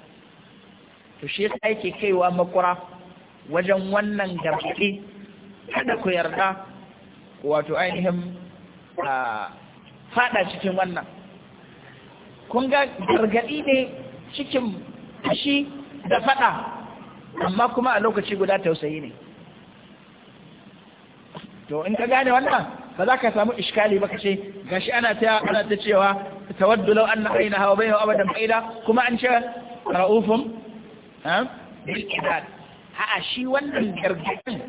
Speaker 1: to shi yasa yake kaiwa makura wajen wannan gabaɗe kada ku yarda wato ainihin fada cikin wannan kun ga gargadi ne cikin kashi da fada amma kuma a lokaci guda tausayi ne to in ka gane wannan ba za ka samu iskali ba ka ce gashi ana ta ana ta cewa tawaddu law anna aina hawa bayna abadan faida kuma an ce ra'ufum ha bil shi wannan gargadin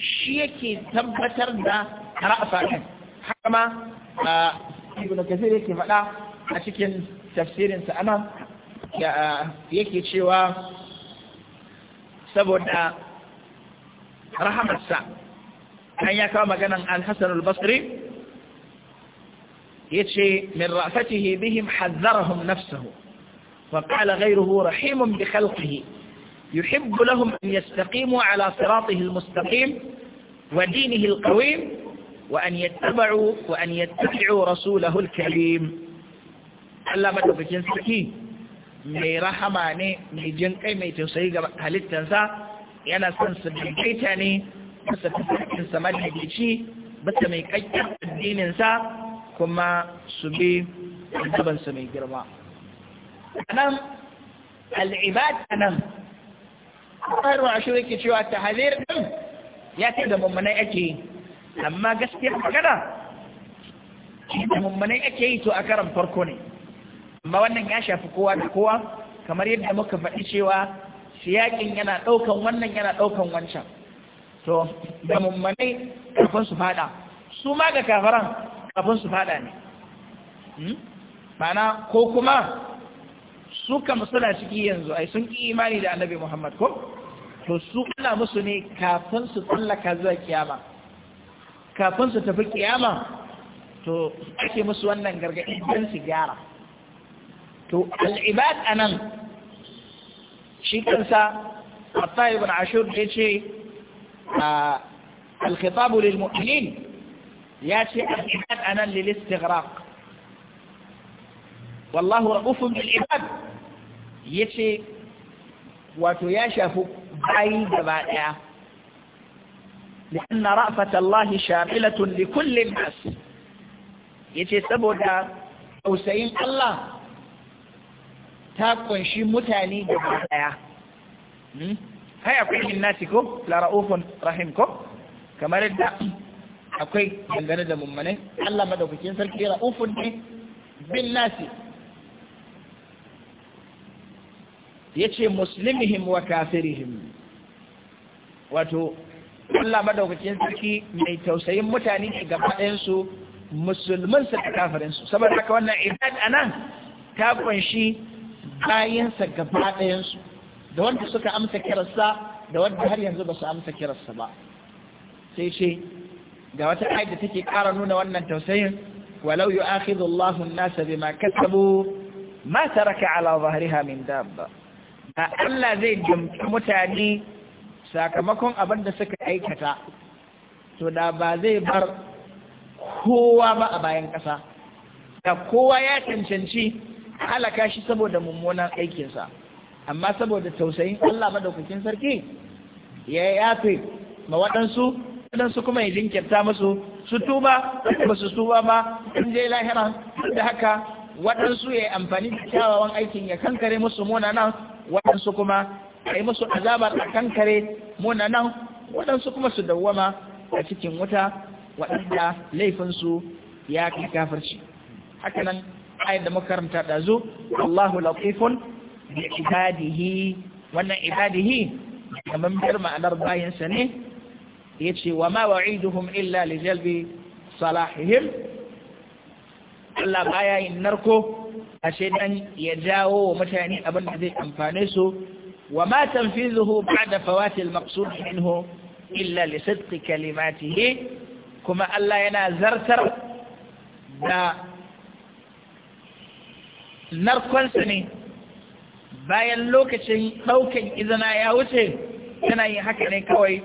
Speaker 1: shi yake tabbatar da ra'asa din haka ma ibn kasir yake faɗa a cikin tafsirin sa anan yake cewa saboda rahamarsa an ya kawo maganan al-hasan al-basri يتشي من رأفته بهم حذرهم نفسه وقال غيره رحيم بخلقه يحب لهم أن يستقيموا على صراطه المستقيم ودينه القويم وأن يتبعوا وأن يتبعوا رسوله الكريم Allah madaukakin sarki mai rahama ne mai jin kai mai tausayi ga halittansa yana son su daidaita ne bisa tafarkin sa madaidaici bisa mai kakkiyar addinin sa kuma su bi gaban sa mai girma anan al'ibad anan Ƙwararwa shi yake cewa ta hazir ɗin ya da mummunai ake amma gaskiyar magana da mummunai ake yi to a karan farko ne amma wannan ya shafi kowa da kowa kamar yadda muka faɗi cewa siyakin yana ɗaukan wannan yana ɗaukan wancan to da mummunai kafin su fada su ma ga kafaran kafin su fada ne mana hmm? ko kuma su kama suna ciki yanzu ai sun ƙi imani da annabi muhammad ko to su ana musu ne kafin su tsallaka zuwa kiyama kafin su tafi kiyama to ake musu wannan gargaɗi don su gyara to al'ibad a nan shi kansa hatta ibn ashur ya ce al-khitabu lil ya ce al'ibad a nan lil wallahu ra'ufun bil ya ce wato ya shafi bayi gaba ɗaya لأن رأفة الله شاملة لكل الناس yace saboda tausayin Allah ta kunshi mutane gaba daya hai akwai jinnati ko lara'ufun rahim ko kamar akwai dangane da mummane Allah madaukakin sarki ra'ufun ne bin nasi yace muslimihim wa wato Allah madaukakin sarki mai tausayin mutane ne gaba ɗayansu musulmansa da kafirinsu saboda haka wannan ibad anan ta kunshi bayansa gaba ɗayansu da wanda suka amsa kirarsa da wanda har yanzu ba su amsa kirarsa ba sai ce ga wata ayat da take ƙara nuna wannan tausayin walau yu'akhidhu Allahu an-nasa bima kasabu ma taraka ala dhahriha min dabba Allah zai jumta mutane sakamakon abin da suka aikata to da ba zai bar kowa ba a bayan ƙasa da kowa ya cancanci halaka shi saboda mummunan aikinsa amma saboda tausayin Allah madaukakin sarki ya yafe ma waɗansu waɗansu kuma ya jinkirta musu su tuba ba su tuba ba in je lahira da haka waɗansu ya yi amfani da kyawawan aikin ya kankare musu munanan waɗansu kuma a yi musu azabar a kare munanan waɗansu kuma su dawwama a cikin wuta waɗanda laifinsu ya fi kafirci haka nan ayat da makaranta da zo Allahu latifun bi ibadihi wannan ibadihi kamar biyar ma'anar bayansa ne ya ce wa ma wa'iduhum illa li jalbi salahihim Allah baya yin narko ashe dan ya jawo wa mutane abin da zai amfane su وما تنفيذه بعد فوات المقصود منه إلا لصدق كلماته كما ألا ينازرتر دا narkon sa ne bayan lokacin ɗaukan izina ya wuce yana yin haka ne kawai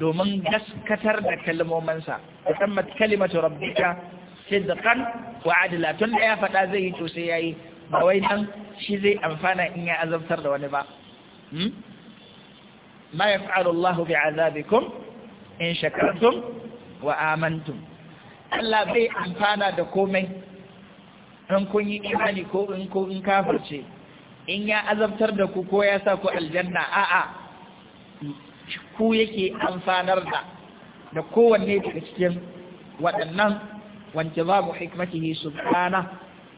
Speaker 1: domin gaskatar da kalmomansa musamman kalimatu rabbika sidqan wa adla tun da ya faɗa zai yi to sai yayi ba wai nan shi zai amfana in ya azabtar da wani ba Hmm? ma bi Allahu kum in shakartum wa amantum
Speaker 2: Allah bai amfana
Speaker 1: da komai in kun yi imani ko in ko in kafirce in ya azabtar da ku ko ya sa ku aljanna a'a ku yake amfanar da da kowanne daga cikin waɗannan wanke babu su ya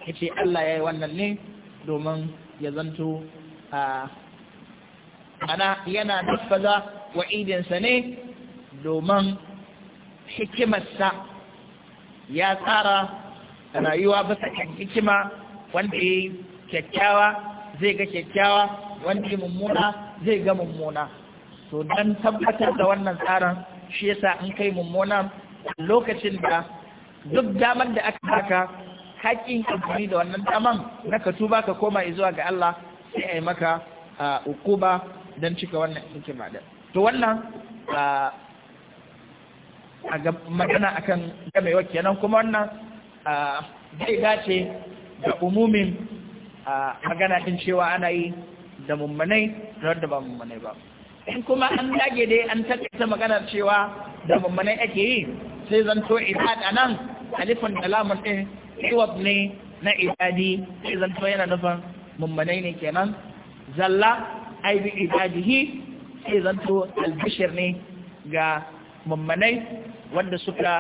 Speaker 1: yace Allah ya yi wannan ne domin ya zanto a ah, ana yana nafaza wa'idinsa ne domin hikimarsa ya tsara rayuwa bisa kan hikima wanda ya yi kyakkyawa zai ga kyakkyawa wanda ya mummuna zai ga mummuna so don tabbatar da wannan tsarin shi yasa an kai mummuna lokacin da duk damar da aka haka haƙƙin amfani da wannan daman na ka tuba ka koma zuwa ga Allah sai a yi maka ukuba don cika wannan hikima din to wannan a ga magana akan wa kenan kuma wannan zai dace da umumin magana din cewa ana yi da mummanai da wadda ba mummanai ba in kuma an dage dai an tattaita maganar cewa da mummanai ake yi sai zanto ibad anan alifin da lamun din iwab ne na ibadi sai zanto yana nufin mummanai ne kenan zalla ai bi ibadihi sai zanto albishir ne ga mummanai wanda suka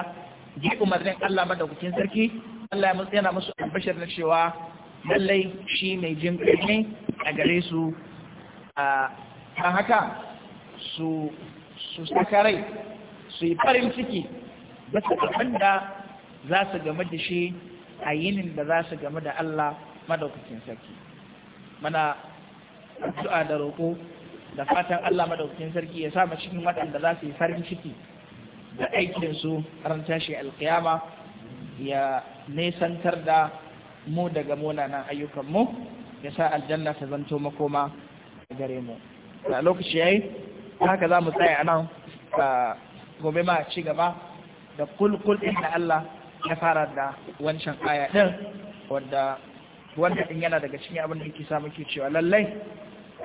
Speaker 1: ji umarnin Allah madaukakin sarki Allah yana musu albishir na cewa lallai shi mai jin ne a gare su a haka su su sakarai su yi farin ciki ba su da za su game da shi a yinin da za su game da Allah madaukakin sarki mana addu'a da roƙo da fatan Allah madaukakin sarki ya sa mu cikin waɗanda za su yi farin ciki da aikin su ran tashi alƙiyama ya nesantar da mu daga munanan ayyukan mu ya sa aljanna ta zanto makoma a gare mu da lokaci yayi haka za mu tsaya nan gobe ma ci gaba da kulkul inda Allah ya fara da wancan aya din wanda wanda din yana daga cikin abin da yake sa muke cewa lallai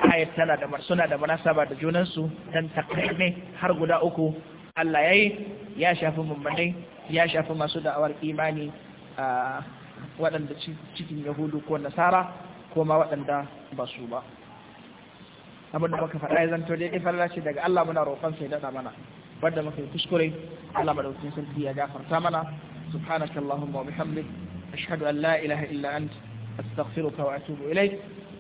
Speaker 1: ayat tana da suna da munasaba da junansu dan takrir har guda uku Allah yayi ya shafi mummunai ya shafi masu da'awar imani a waɗanda cikin yahudu ko nasara ko ma waɗanda ba su ba abin maka muka faɗa ya zanto dai farla ce daga Allah muna roƙon sai daɗa mana wadda muka yi kuskure Allah maɗaukin sarki ya gafarta mana subhanakallahumma wa bihamdik ashhadu an la ilaha illa ant astaghfiruka wa atubu ilaik